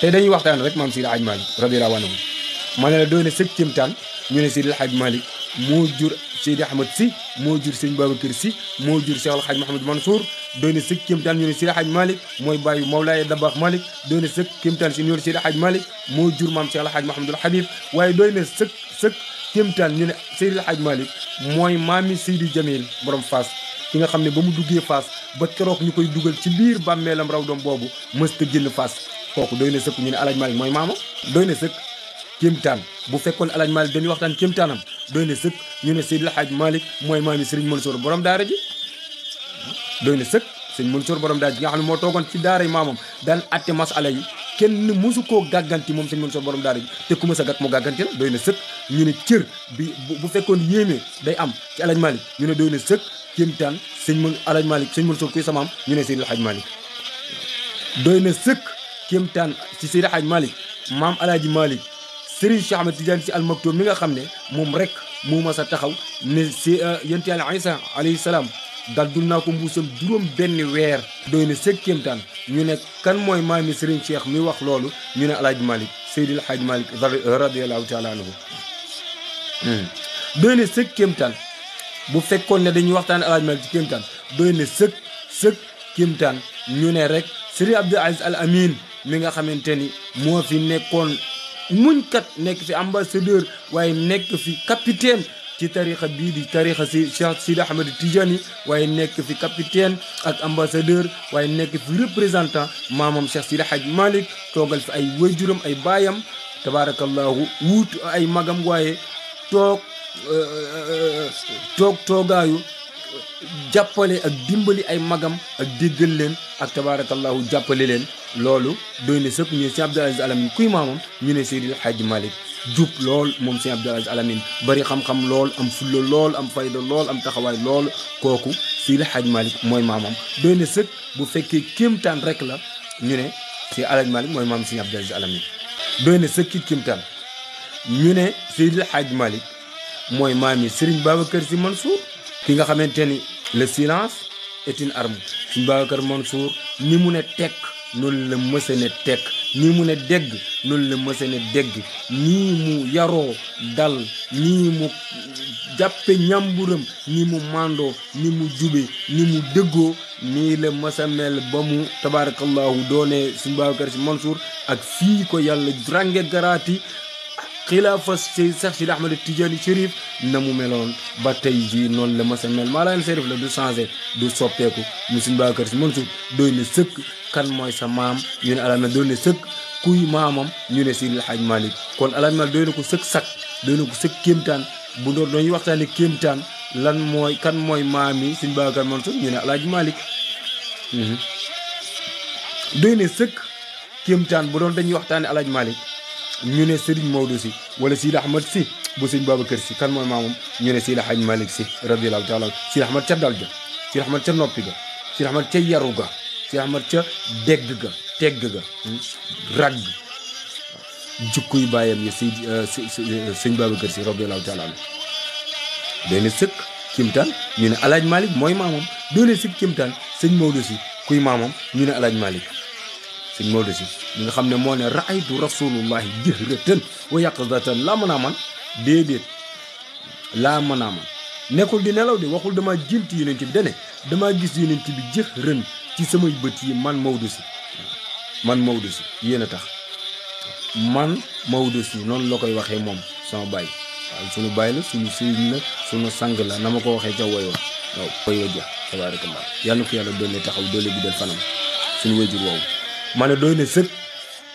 tey dañuy waxtaan rek maam Seydi Hadj Malick radiyallahu anhu ma ne la doy na septième taan ñu ne Seydi Hadj Malick moo jur Seydi Ahmad si moo jur Sëñ Babacar si moo jur Cheikh Al Hadj Mahamad Mansour doy na septième taan ñu ne Seydi Hadj Malick mooy bàyyu Mawlaay Dabax Malick doy na septième taan si ñu ne Seydi Hadj Malick moo jur maam Cheikh Al Hadj Mahamadul Habib waaye doy na sëkk sëkk kéem taan ñu ne Seydi Al Hadj Malick mooy maami Seydi Jamil borom Fass ki nga xam ne ba mu duggee Fass ba keroog ñu koy dugal ci biir bàmmeelam raw doom boobu mës ta génn Fass kooku doy na sëkk ñu ne alaaj Malik mooy maama doy na sëkk kéemtaan bu fekkoon alaaj Malik dañuy waxtaan kéemtaanam doy na sëkk ñu ne Seydil Hadj Malik mooy maami Serigne Mansour borom daara ji doy na sëkk Serigne Mansour borom daara ji nga xam ne moo toogoon ci daaray maamam daan atte masala yi kenn mosu koo gàgganti moom Serigne Mansour borom daara ji te ku mës a gàgg mu gàgganti la doy na sëkk ñu ne cër bi bu fekkoon yéeme day am ci alaaj Malik ñu ne doy na sëkk kéemtaan sëñ mën alaaj Malik sëñ Mansour kuy samaam ñu ne Seydil Hadj Malik doy na sëkk kéemtaan ci Seydi Hadj Malick maam El Hadj Malick Serigne Cheikh Ahmed Tidiane ci almaktoum mi nga xam ne moom rek moo ma sa taxaw ne si yonent Yàlla Isa alayhi salaam daldul naa ko mbusam durom ben werr doy na sëg kéemtaan ñu ne kan moy mami Serigne Cheikh mi wax lolu ñu ne El malik Malick Hadj malik radiyallahu taala anhu doy na sëg kéemtaan bu fekkoon ne dañuy waxtan El malik Malick ci kéemtaan doy na sëg sëg kéemtaan ñu ne rek Serigne Abdou Aziz Al Amin mi nga xamante ni moo fi nekkoon muñ kat nekk fi ambassadeur waaye nekk fi capitaine ci tarixa bii di tarixa si Cheikh Sidi Ahmed Tijani waaye nekk fi capitaine ak ambassadeur waaye nekk fi représentant maamam Cheikh Sidi Hadj Malick toogal fi ay wëjuram ay baayam tabarakallahu wuut ay magam waaye euh, euh, toog toogaayu jàppale ak dimbali ay magam ak déggal leen ak tabarakallahu jàppale leen lolu doyna sëpp ñu ci Abdoul Aziz Al kuy mamam ñu ne Seydil Hadji malik jub lol mom si Abdoul Aziz Al bari xam-xam lol am fulla lol am fayda lol am taxaway lol koku Seydil Hadji malik moy mamam doyna sepp sëkk bu fekkee kéemtaan rek la ñu ne ci Alhaji malik moy mam seydil Abdoul Aziz Al Amine doy na sëkk ci ñu ne Seydil Hadji malik moy maam Serigne Babacar si Mansour ki nga xamanteni le silence est une arme Serigne Babacar Mansour ni mu ne tek noonu la mësa ne tekk nii mu ne dégg noonu la mësa ne dégg nii mu yaroo dal nii mu jàppe ñàmburam ni mu màndoo ni mu jube ni mu dëggoo nii la mësa mel ba mu tabarakallahu doone suñu Babacar Sy Mansour ak fii ko yàlla range garaati xilaafa Seydi Seex Ahmad Tijaani Chérif na mu meloon ba tey jii noonu la mas a mel Mawlaana Chérif la du changé du soppeeku mu suñ Babacar Sy sëkk kan mooy sa maam ñu ne alal na doy na sëkk kuy ñu ne Seydi El Hadji Malick kon ko sëkk sak ko sëkk kéemtaan bu doon dañuy waxtaane kéemtaan lan mooy kan mooy maam yi suñ Babacar Mansour ñu ne El Hadji Malick mhm. doy sëkk kéemtaan bu doon dañuy waxtaane El Hadji Malick ñu ne Serigne Maodo si wala Sidi Ahmad si bu sëñ kër si kan mooy maamam ñu ne Sidi Hadj Malick si radiyallahu taala Sidi Ahmad ca dal ja Sidi Ahmad ca noppi ga Sidi Ahmad ca yaru ga Sidi Ahmad ca dégg ga tegg ga rag jukkuy bàyyam ya si euh, sëñ euh, Babacar si radiyallahu taala doone sëkk kimtaan ñu ne alaaj Malick mooy maamam doone sëkk kimtaan sëñ Maodo si kuy maamam ñu ne alaaj Malick suñ Maodo si ñi nga xam ne moo ne raaytu rasulullahi jëhratan wa yaqzatan laa mën a man déedéet laa mën a man nekkul di nelaw di waxul dama jënt yonent bi dane dama gis yonent bi jëhran ci samay bët yi man Maodo si man Maodo si yéen a tax man Maodo si noonu la koy waxee moom sama bàyyi waaw sunu bàyyi la sunu sëriñ la sunu sang la na ma ko waxee ca woyoon waaw woyoo ja tabaarakallah yàlla na ko yàlla doole taxaw doole guddal fanam sunu wajur woowu ma ne doy na sëkk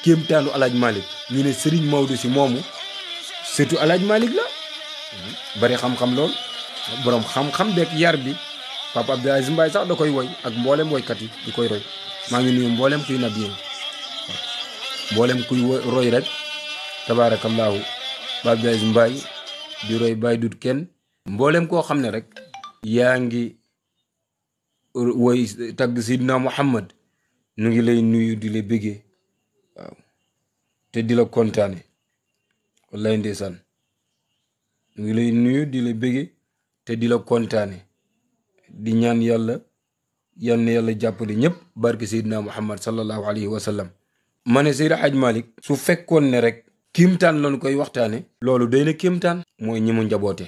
kéemtaanu alaaj Malick ñu ne Serigne Maodo si moomu surtout alaaj malik la bari xam-xam lool borom xam-xam beeg yar bi papa Abdou Aziz Mbaye sax da koy woy ak mboolem woykat yi di koy roy maa ngi nuyu mboolem kuy nab yéen mboolem kuy roy rek tabaarakallaahu papa Abdou Aziz Mbaye di roy bàyyi dut kenn mboolem koo xam ne rek yaa ngi woy tagg Sidna Muhammad ñu ngi lay nuyu di la bëggee waaw te di la kontaane wallaay ndeysaan ñu ngi lay nuyu di la bëggee te di la kontaane di ñaan yàlla yal na yàlla jàppale ñëpp barke Seydina Muhammad sallallahu alayhi wa sallam. ma ne Seydi Hadj Malick su fekkoon ne rek. kiimtaan loonu koy waxtaane loolu day na kiimtaan. mooy ñimu njaboote.